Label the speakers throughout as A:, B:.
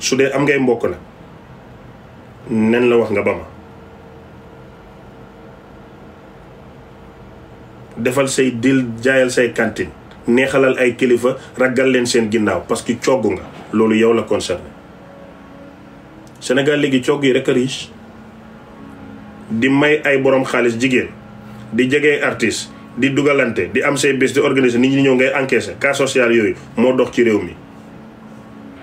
A: su dee am ngay mbokk na nen la wax nga ba ma defal say dil jaayal say cantine neexalal ay kilifa ragal leen seen ginnaaw parce que cogg nga loolu yow la concerné Sénégal léegi cogg yi rek a riche di may ay borom xaalis jigéen di jegee artiste di dugalante di am say bés di organiser nit ñi ngay encaisser cas social yooyu moo dox ci réew mi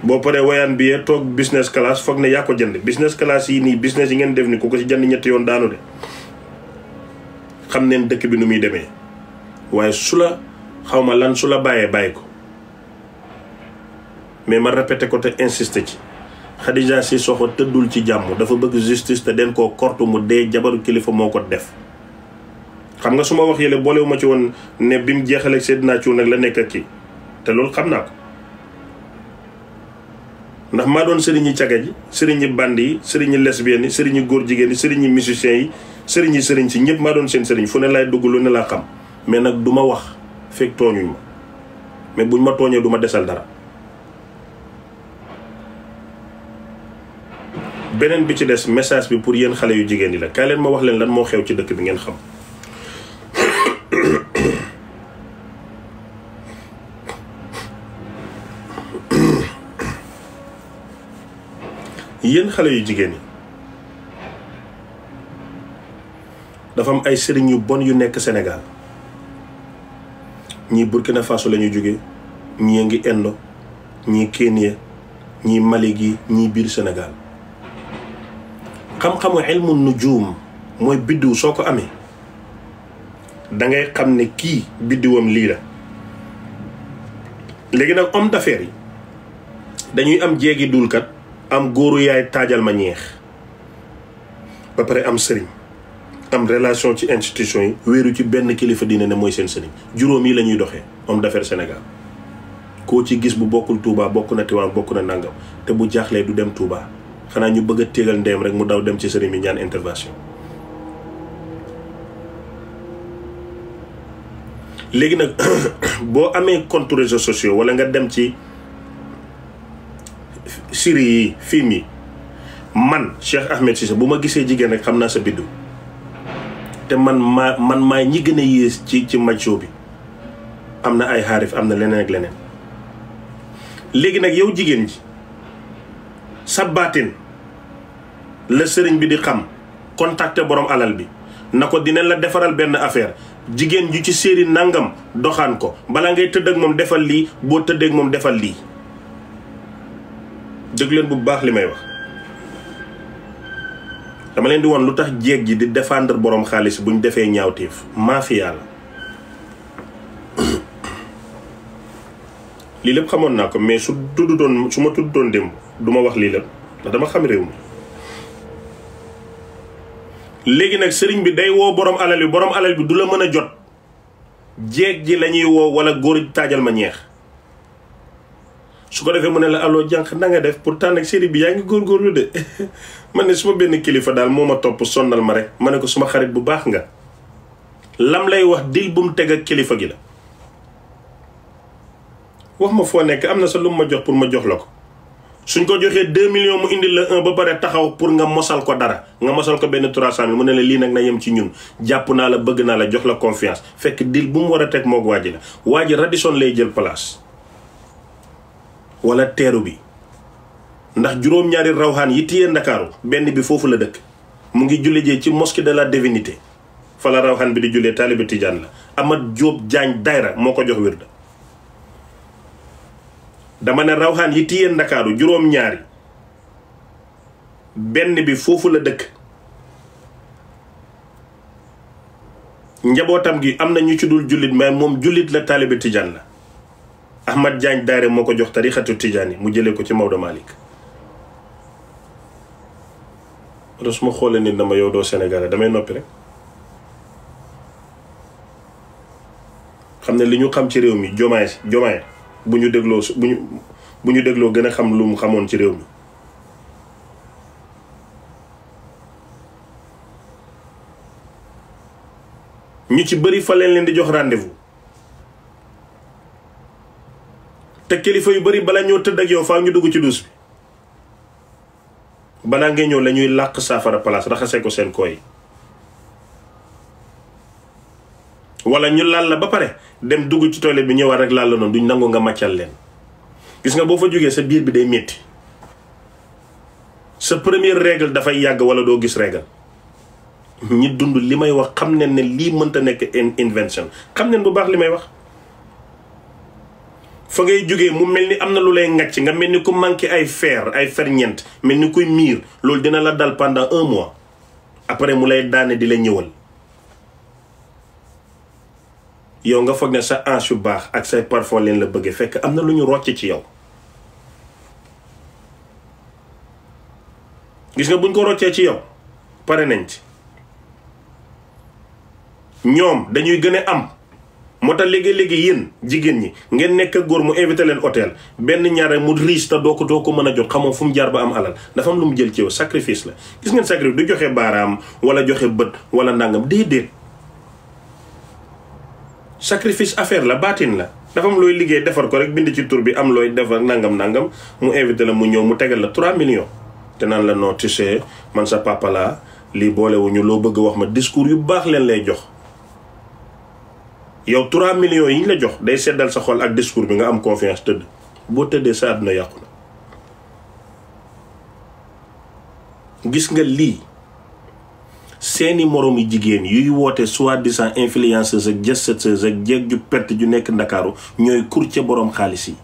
A: boo paree wayaan bi toog business class foog ne yaa ko jënd business class yi nii business yi ngeen def ni ku ko si jënd ñetti yoon daanu de xam neen dëkk bi nu muy demee waaye su la xaw ma lan su la bàyyee bàyyi ko mais ma répété ko te insisté ci Khadija Sissoko tëddul ci jàmm dafa bëgg justice te den koo kortu mu dee jabaru kilifa moo ko def xam nga su ma wax yële boolewu ma ci woon ne bi mu jeexaleeg Seydina Thioune nag la nekk ak kii te loolu xam naa ko ndax maa doon sëriñi caga ji sëriñi band yi sëriñi lesbiennes yi sëriñi góor jigéen yi sëriñi musiciens yi sëriñi sëriñ si ñëpp maa doon seen sëriñ fu ne laay dugg lu ne laa xam mais nag du ma wax fekk tooñuñ ma mais buñ ma tooñee du ma desal dara beneen bi ci des message bi pour yéen xale yu jigéen yi la kaay leen ma wax leen lan moo xew ci dëkk bi ngeen xam yéen xale yu jigéen yi dafa am ay sëriñ yu bon yu nekk Sénégal ñii Burkina Faso la jóge ñii ngi Indo ñii Kenya ñii Mali gi ñii biir Sénégal xam-xamu ilmu nujuum mooy biddiw soo ko amee dangay xam ne kii biddiwam lii la léegi nag homme d'affaires yi dañuy am jéegi duulkat am góoru yaay taajal ma ñeex ba pare am sëriñ am relation ci institution yi wéeru ci benn kilifa diine ne mooy seen sëriñ juróom yi la ñuy doxee homme d'affaires senegal koo ci gis bu bokkul tuubaa bokk na Tiwaan bokk na nangam te bu jaaxlee du dem Touba xanaa ñu bëgg a téegal ndeem rek mu daw dem ci sëriñ bi ñaan intervention léegi nag boo amee compte réseaux sociaux wala nga dem ci siri yi film yi man Cheikh Ahmed Cissé bu ma gisee jigéen rek xam naa sa biddu te man maa man maa ñi gën a yées ci ci majjo bi am na ay xaarif am na leneen ak leneen léegi nag yow jigéen ji sa baatin la sëriñ bi di xam contacté borom alal bi na ko dina la defaral benn affaire jigéen ju ci séeri nangam doxaan ko bala ngay tëdd ak moom defal lii boo tëddee ak moom defal lii dëgg leen bu baax li may wax dama leen di woon lu tax jéeg ji di défendre boroom xaalis bu ñu defee ñaawteef mafia la lii lépp xamoon naa ko mais su tudd doon su ma tudd démb du ma wax lii la ndax dama xam réew mi léegi nag sëriñ bi day woo borom alal bi borom alal bi du la mën a jot jéeg ji lañuy woo wala góor taajal ma ñeex su ko defee mu ne la aloo jànq na nga def pourtant nag série bi yaa ngi góorgóorlu de man ne suma benn kilifa daal moom ma topp sonnal ma rek ma ne ko suma xarit bu baax nga lam lay wax dil bu mu teg ak kilifa gi la wax ma foo nekk am na sa lu mu ma jox pour ma jox la ko suñ ko joxee deux millions mu indi la un ba pare taxaw pour nga mosal ko dara nga mosal ko benn trois cent mille mu ne la lii nag na yem ci ñun jàpp naa la bëgg naa la jox la confiance fekk dil bu mu war a teg moog waa ji la waa ji Radisson lay jël place wala teeru bi ndax juróom-ñaari rawxaan yi téye ndakaaru benn bi foofu la dëkk mu ngi julli jee ci mosquée de la divinité fa la rawxaan bi di jullee taalibe tijaan la amat Diop Diagne Dayra moo ko jox wirda dama ne rawxaan yi téye ndakaaru juróom-ñaari benn bi foofu la dëkk njabootam gi am na ñu ci dul jullit mais moom jullit la taalibe tijaan la Ahmad Diagne Daare moo ko jox tarixatu yi mu jëlee ko ci Maodo Malick wala su ma xoolee nit na ma yow doo Sénégalais damay noppi rek xam ne li ñu xam ci réew mi jomaay jomaay bu ñu dégloo bu ñu bu dégloo gën a xam lu mu xamoon ci réew mi ñu ci bëri fa leen leen di jox rendez-vous te kilifa yu bari balaa ñoo tëdd ak yow faaw ñu dugg ci duus bi balaa ngay ñëw lañuy ñuy làq saafara place raxasee ko seen kooy wala ñu laal la ba pare dem dugg ci toilette bi ñëwaat rek laal la noonu duñ nangu nga màccal leen gis nga boo fa jógee sa biir bi day métti sa première règle dafay yàgg wala doo gis règle ñi dund li may wax xam ne ne lii mënta nekk invention xam ne bu baax li may wax fa ngay jógee mu mel ni am na lu lay ngàcc nga mel ni ku manqué ay fer ay fer ñeent mel ni kuy miir loolu dina la dal pendant un mois après mu lay daane di la ñëwal yow nga foog ne sa ange yu baax ak say parfum leen la bëggee fekk am na lu ñu rocc ci yow gis nga buñ ko roccee ci yow pare nañ ci ñoom dañuy gën a am moo tax léegi-léegi yéen jigéen ñi ngeen nekk góor mu invité leen hôtel benn ñaare mu riche te doo ko doo ko mën a jot xamoo fu mu jaar ba am alal dafa am lu mu jël ci yow sacrifice la gis ngeen sacrifice du joxe baaraam wala joxe bët wala ndàngam déedéet sacrifice affaire la baatin la dafa am looy liggéey defar ko rek bind ci tur bi am looy defar nangam nangam mu invité la mu ñëw mu tegal la 3 millions te naan la non tu man sa papa la lii boolewuñu loo bëgg wax ma discours yu baax leen lay jox yow 3 millions yi ñu la jox day seddal sa xol ak discours bi nga am confiance tëdd boo tëddee sa àdduna yàqu na gis nga lii seeni moroomi jigéen yuy woote soit disant influenceuse ak jet setteurs ak ju perte ju nekk ndakaaru ñooy courtier boroom xaalis yi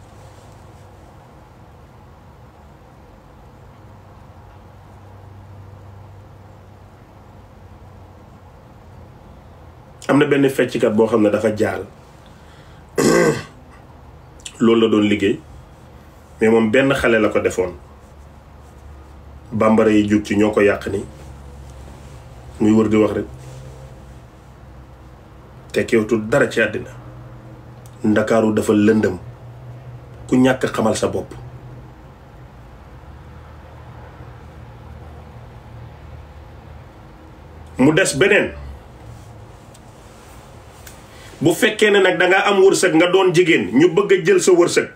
A: am na benn fecckat boo xam ne dafa jaal loolu la doon liggéey mais moom benn xale la ko defoon bambara yi jug ci ñoo ko yàq ni muy wër di wax rek tekkiwutul dara ci àddina ndakaaru dafa lëndëm ku ñàkk xamal sa bopp mu des beneen bu fekkee ne nag da ngaa am wërsëg nga doon jigéen ñu bëgg a jël sa wërsëg.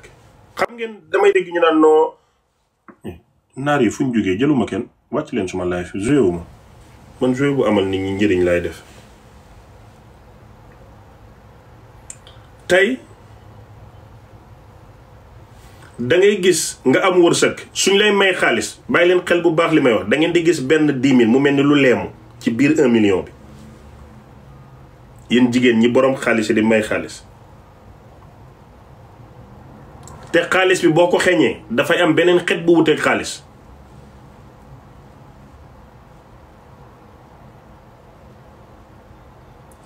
A: xam ngeen damay dégg ñu naan noo naar yi fu ñu jógee jëluma kenn wàcc leen suma live joué wu ma man joué bu amal nit ñi njëriñ laay def. tey da ngay gis nga am wërsëg suñ lay may xaalis bàyyi leen xel bu baax li may wax da ngeen di gis benn dix mille mu mel ni lu leemu ci biir un million bi. yéen jigéen ñi boroom xaalis di may xaalis te xaalis bi boo ko xeeñee dafay am beneen xet bu wuteeg xaalis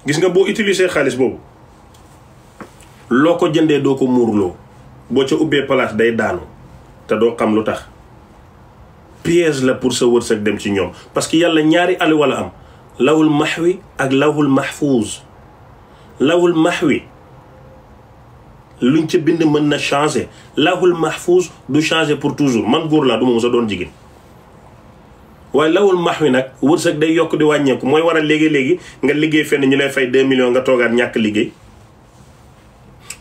A: gis nga boo utiliser xaalis boobu loo ko jëndee doo ko muurloo boo ca ubbee place day daanu te doo xam lu tax piège la pour sa wërsëg dem ci ñoom parce que yàlla ñaari aliwa la am lawul maxwi ak lawul maxfuuz lawul mahwi luñ ci bind mën na changer lawul mahfuz du changer pour toujours man góor laa du ma mës a doon jigéen waaye lawul mahwi nag wërsëg day yokk di wàññeeku mooy waral léegi-léegi nga liggéey fenn ñu lay fay 2 millions nga toogaat ñàkk liggéey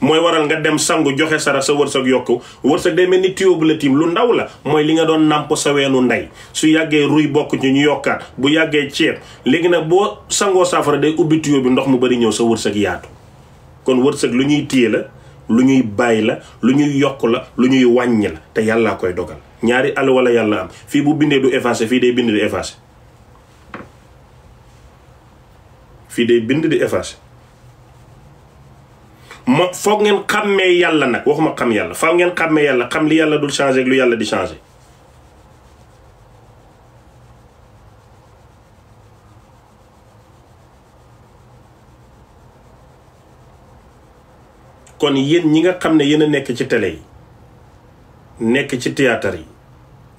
A: mooy waral nga dem sangu joxe sara sa wërsëg yokku wërsëg day mel ni tuyau bu la tiim lu ndaw la mooy li nga doon nàmp sa weenu ndey su yàggee ruy bokk ci ñu yokkaat bu yàggee ceeb léegi nag boo sangoo saafara day ubbi tuyau bi ndox mu bari ñëw sa wërsëg yaatu kon wërsëg lu ñuy téye la lu ñuy bàyyi la lu ñuy yokk la lu ñuy wàññi la te yàllaa koy dogal ñaari àll wala yàlla am fii bu bindee du effacé fii day bind di effacé fii day bind di effacé ma foog ngeen xàmmee yàlla nag waxuma xam yàlla foog ngeen xàmmee yàlla xam li yàlla dul changer ak lu yàlla di changer. kon yéen ñi nga xam ne yéen a nekk ci télé yi nekk ci théâtre yi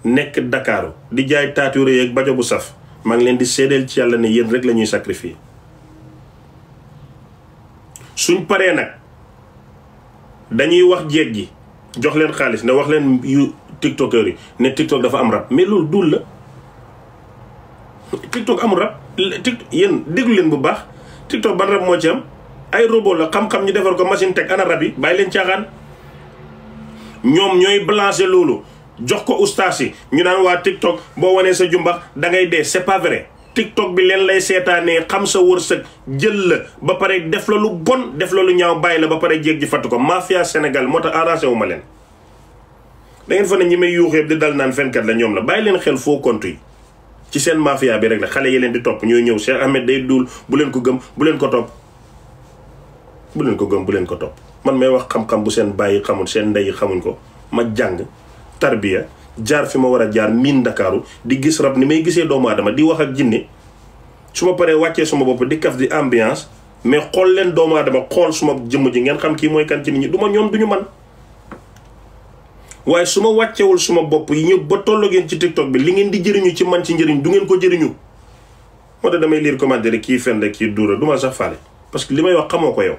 A: nekk Dakar di jaay taatuure yeeg bajo bu saf maa ngi leen di seedeel ci yàlla ne yéen rek la ñuy sacrifier suñ paree nag. dañuy wax jeeg ji jox leen xaalis ne wax leen yu tiktokeur yi ne tiktok dafa am rab mais loolu dul la tiktok amul rab tik yéen déglu leen bu baax tiktok ban rab moo ci am ay robot la xam-xam ñu defar ko machine teg ana rab yi bàyyi leen caaxaan ñoom ñooy balancer loolu jox ko ustaas ñu naan waa tiktok boo wanee sa jumbax da ngay dee c'est pas tiktok bi leen lay seetaanee xam sa wërsëg jël la ba pare def la lu bon def la lu ñaaw bàyyi la ba pare jéeg ji fàttu ko mafia Sénégal moo tax arrangé wu ma leen. da fa ne ñi may yuuxee yëpp di dal naan fenkat la ñoom la bàyyi leen xel foo kont yi ci seen mafia bi rek la xale yi leen di topp ñooy ñëw seen Ahmed day duul bu leen ko gëm bu leen ko topp. bu leen ko gëm bu leen ko topp man may wax xam-xam bu seen bàyyi xamul seen ndey xamuñ ko ma jàng tarbiya. jaar fi ma war a jaar miin ndakaaru di gis rab ni may gisee doomu aadama di wax ak jinne su ma paree wàccee suma bopp di kaf di ambiance mais xool leen doomu adama xool suma jëmm ji ngeen xam kii mooy kan ci nit ñi du ma ñoom du ñu man waaye su ma wàccewul suma bopp yi ñëw ba tollu ngeen ci tiktok bi li ngeen di jëriñu ci man ci njëriñ du ngeen ko jëriñu moo tax damay lire commentaire kii fen rek kii duura du ma sax faale parce que li may wax xamoo ko yow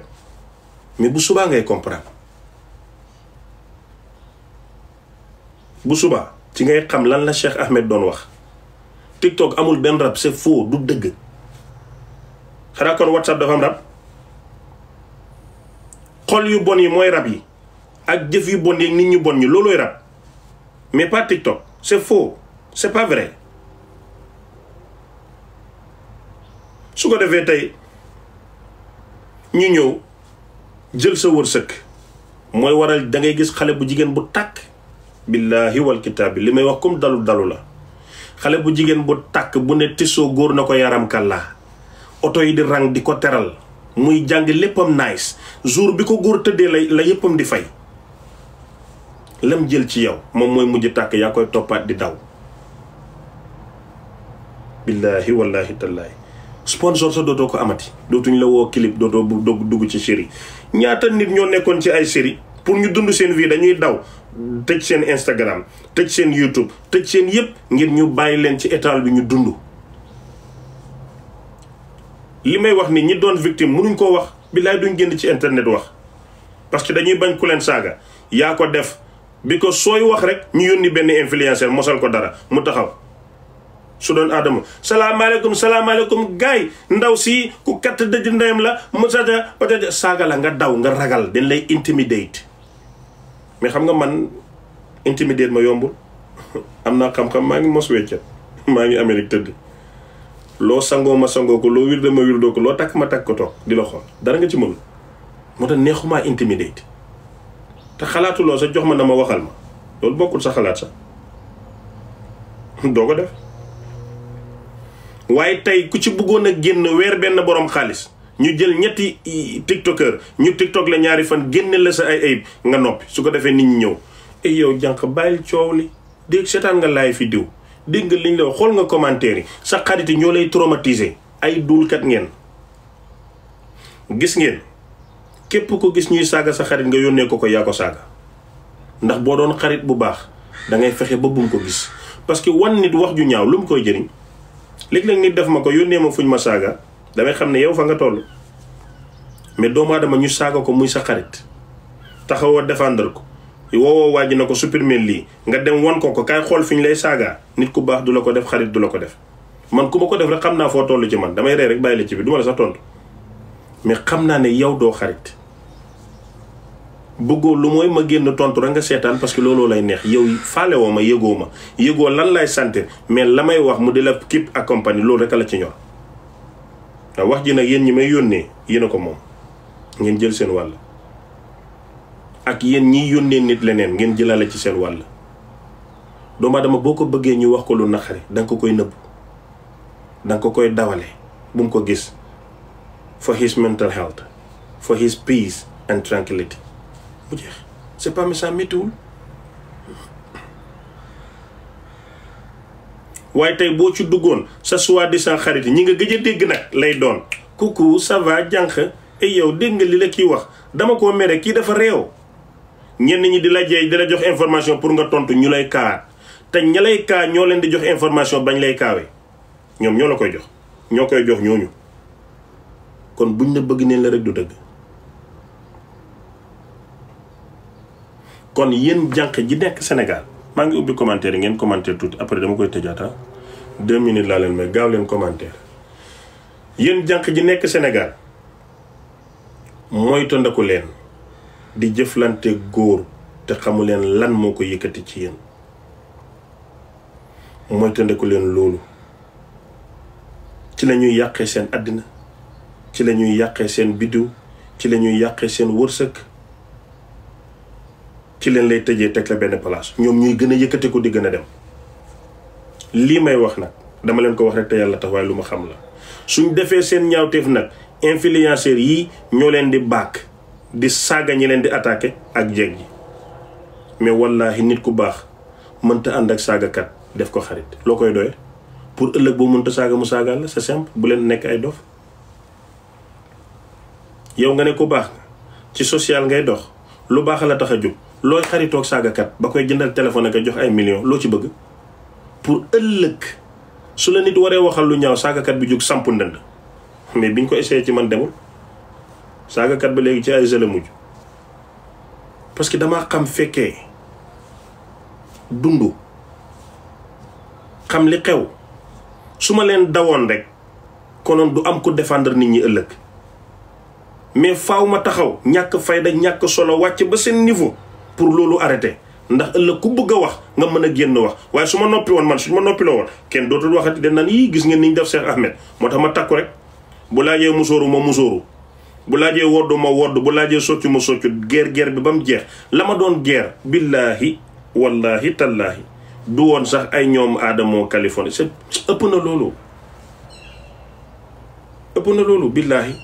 A: mais bu subaa ngay comprendre bu subaa ci ngay xam lan la Cheikh Ahmed doon wax TikTok amul benn rab c'est faux du dëgg xanaa kon WhatsApp dafa am rab xol yu bon yi mooy rab yi ak jëf yu bon yi nit ñu bon ñu loolooy rab mais pas TikTok c'est faux c'est pas vrai su ko defee tey ñu ñëw jël sa wërsëg mooy waral da ngay gis xale bu jigéen bu tàkk billaahi wal bi li may wax comme dalu dalu la xale bu jigéen bu tàkk bu ne tisoo góor na ko yaram kàllaa oto yi di rang di ko teral muy jàng léppam nice jour bi ko góor tëddee la la yëppam di fay lam jël ci yow moom mooy mujj tàkk yaa koy toppaat di daw billaahi wallaahi tallaahi sponsor sa dootoo ko amati dootuñ la woo clip dootoo dugg ci série ñaata nit ñoo nekkoon ci ay série pour ñu dund seen wii dañuy daw tëj seen Instagram tëj seen YouTube tëj seen yëpp ngir ñu bàyyi leen ci état bi ñu dund. li may wax ni ñi doon victime mënuñ koo wax billaay duñ génn ci internet wax parce que dañuy bañ ku leen saaga yaa ko def bi ko sooy wax rek ñu yónni benn influenceur mosal ko dara mu taxaw. su doon aadama salaamaaleykum salaamaaleykum gaay ndaw si ku katt dëj ndeyam la mu saaga la nga daw nga ragal dañ lay intimidate mais xam nga man intimider ma yombul am naa xam-xam maa ngi mos weccat maa ngi Amérique tëdd loo sangoo ma sangoo ko loo wirde ma wirdoo ko loo takk ma takk ko toog di la xool dara nga ci mënul moo tax neexumaa intimider te xalaatuloo sa jox ma na ma waxal ma loolu bokkul sa xalaat sax doo ko def waaye tey ku ci bëggoon a génn weer benn boroom xaalis ñu jël ñetti tiktokeur ñu tiktok la ñaari fan génne la sa ay ay nga noppi su ko defee nit ñu ñëw. et eh yow jànq bàyyil coow li dégg seetaan nga laay fi diw dégg nga liñ la wax xool nga commentaire yi sa xarit yi ñoo lay traumatiser ay duulkat ngeen gis ngeen képp ko gis ñuy saaga sa xarit nga yónnee ko ko yaa ko saaga ndax boo doon xarit bu baax da ngay fexe ba bum ko gis parce que wan nit wax ju ñaaw lu mu koy jëriñ léegi léeg nit def ma ko yónnee ma fuñ ma saaga. damay xam ne yow fa nga toll mais doomu ñu saaga ko muy sa xarit taxawoo défendre ko woowoo waaj na ko supprimer lii nga dem wan ko ko kaay xool fi ñu lay saagaa nit ku baax du la ko def xarit du la ko def man ku ma ko def rek xam naa foo toll ci man damay ree rek bàyyi la ci bi du ma la sax tontu mais xam naa ne yow doo xarit bëggoo lu mooy ma génn tontu rek nga seetaan parce que looloo lay neex yow faale woo ma yëgoo ma yëgoo lan lay sentir mais la may wax mu di la képp accompagner loolu rek la ci ñor. waaw wax ji nag yéen ñi may yónnee yéen a ko moom ngeen jël seen wàll ak yéen ñi yónnee nit leneen ngeen jëlale ci seen wàll doomu aadama boo ko bëggee ñu wax ko lu naqari danga ko koy nëbb danga ko koy dawale bu mu ko gis for his mental health for his peace and tranquility mu jeex c'est pas waaye tey boo ci duggoon sa soi-disant yi ñi nga gëj a dégg nag lay doon coucou ça va jànq eh yow dégg nga li la kii wax dama koo mere kii dafa réew ñenn ñi di la jeey di la jox information pour nga tontu ñu lay kaa te ña lay kaa ñoo leen di jox information bañ lay kaawee ñoom ñoo la koy jox ñoo koy jox ñooñu kon buñ la bëgg neen la rek du dëgg kon yéen jànq ji nekk senegal maa ngi ubbi commentaire yi ngeen commentaire tuuti après dama koy tëjaata ah. deux minutes laa leen may gaaw leen commentaire yéen jànq ji nekk Sénégal mooy tondaku leen di jëflante góor te xamu leen lan moo ko yëkkati ci yéen mooy tondaku leen loolu ci la ñuy yàqee seen àddina ci la ñuy yàqee seen biddiw ci la ñuy yàqee seen wërsëg ci leen lay tëjee teg la benn place ñoom ñuy gën a yëkkate ko di gën a dem lii may wax nag dama leen ko wax rek te yàlla tax waaye lu ma xam la suñ defee seen ñaawteef nag influenceurs yi ñoo leen di baak di saaga ñi leen di attaqué ak jeeg ji mais wallaahi nit ku baax mënta ànd ak saagakat def ko xarit loo koy doyee pour ëllëg boo mënta saaga mu saagaal la sa simple bu leen nekk ay dof yow nga ne ku baax nga ci social ngay dox lu baax la tax a jóg looy xaritoog saagakat ba koy jëndal téléphone ak jox ay millions loo ci bëgg pour ëllëg su la nit waree waxal lu ñaaw saagakat bi jóg sampu ndënd mais biñ ko essayé ci man demul saagakat ba léegi ci ay jëla mujj parce que damaa xam fekkee dund xam li xew su ma leen dawoon rek konoon du am ku défendre nit ñi ëllëg mais faaw ma taxaw ñàkk fayda ñàkk solo wàcc ba seen niveau pour loolu arrêté ndax ëllëg ku bëgg a wax nga mën a génn wax waaye su ma noppi woon man suñu ma noppi loo woon kenn dootul waxati den naan yii gis ngeen ni ñu def Cheikh Ahmed moo tax ma takku rek bu laajee musóoru ma musóoru bu laajee woddu ma wodd bu laajee soccu ma soccu geer geer bi ba mu jeex la ma doon geer billaahi wallaahi tallaahi du woon sax ay ñoom aadamoo Californie c'est ëpp na loolu ëpp na loolu billaahi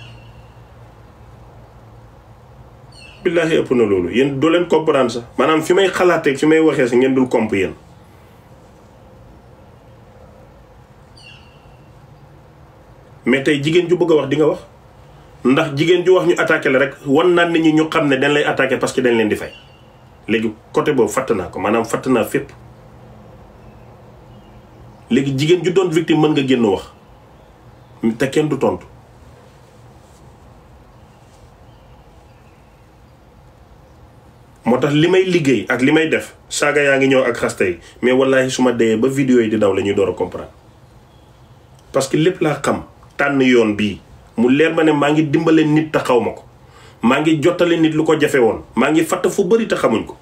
A: billaahi ëpp na loolu yéen du leen comprendre sax maanaam fi may xalaatee fi may waxee sax ngeen dul comp yéen mais tey jigéen ju bëgg a wax dinga wax ndax jigéen ju wax ñu attaqué la rek wan naa nit ñi ñu xam ne dañ lay attaqué parce que dañ leen di fay léegi côté boobu fatt naa ko maanaam fatt naa fépp léegi jigéen ju doon victime mën nga génn wax te kenn du tontu moo tax li may liggéey ak li may def saaga yaa ngi ñëw ak xaste yi mais wallahi su ma deyee ba video yi di daw la ñuy door a comprendre parce que lépp laa xam tànn yoon bii mu leer ma ne maa ngi dimbale nit te xaw ma ko maa ngi jottale nit lu ko jafe woon maa ngi fatt fu bëri te xamuñ ko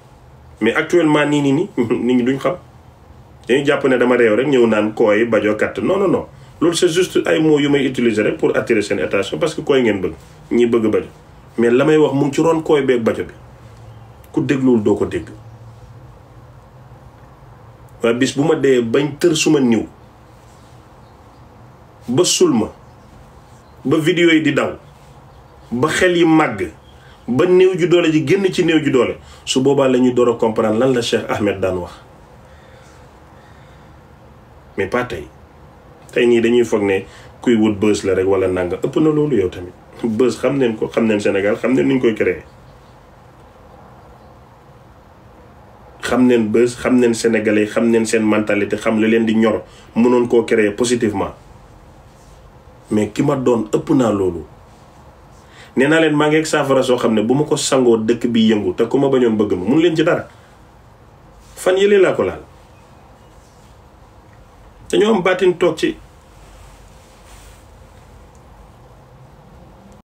A: mais actuellement nii nii nii nit ñi duñ xam dañu jàpp ne dama réew rek ñëw naan kooy bajoo katt non non non loolu c'est juste ay moo yu may utiliser rek pour attirer seen parce que kooy ngeen bëgg ñi bëgg bajo mais la may wax mu ngi ci bajo bi ku dégluwul doo ko dégg waaye bis bu ma dee bañ tër suma niw ba sul ma ba vidéo yi di daw ba xel yi màgg ba néew ju doole ji génn ci néew ju doole su boobaa lañuy ñuy door a comprendre lan la Cheikh Ahmed daan wax mais pas tey tey nii dañuy foog ne kuy wut bës la rek wala nanga ëpp na loolu yow tamit bës xam neen ko xam neen senegal xam neen nuñ koy cree xam neen bés xam neen sénégalais xam neen seen mentalité xam la leen di ñor mënoon koo créer positivement mais ki ma doon ëpp naa loolu nee naa leen maa ngi ak saafara soo xam ne bu ma ko sangoo dëkk bi yëngu te ku ma bañoon bëgg ma mun leen ci dara fan yëlee laa ko laal dañoo am baatin toog ci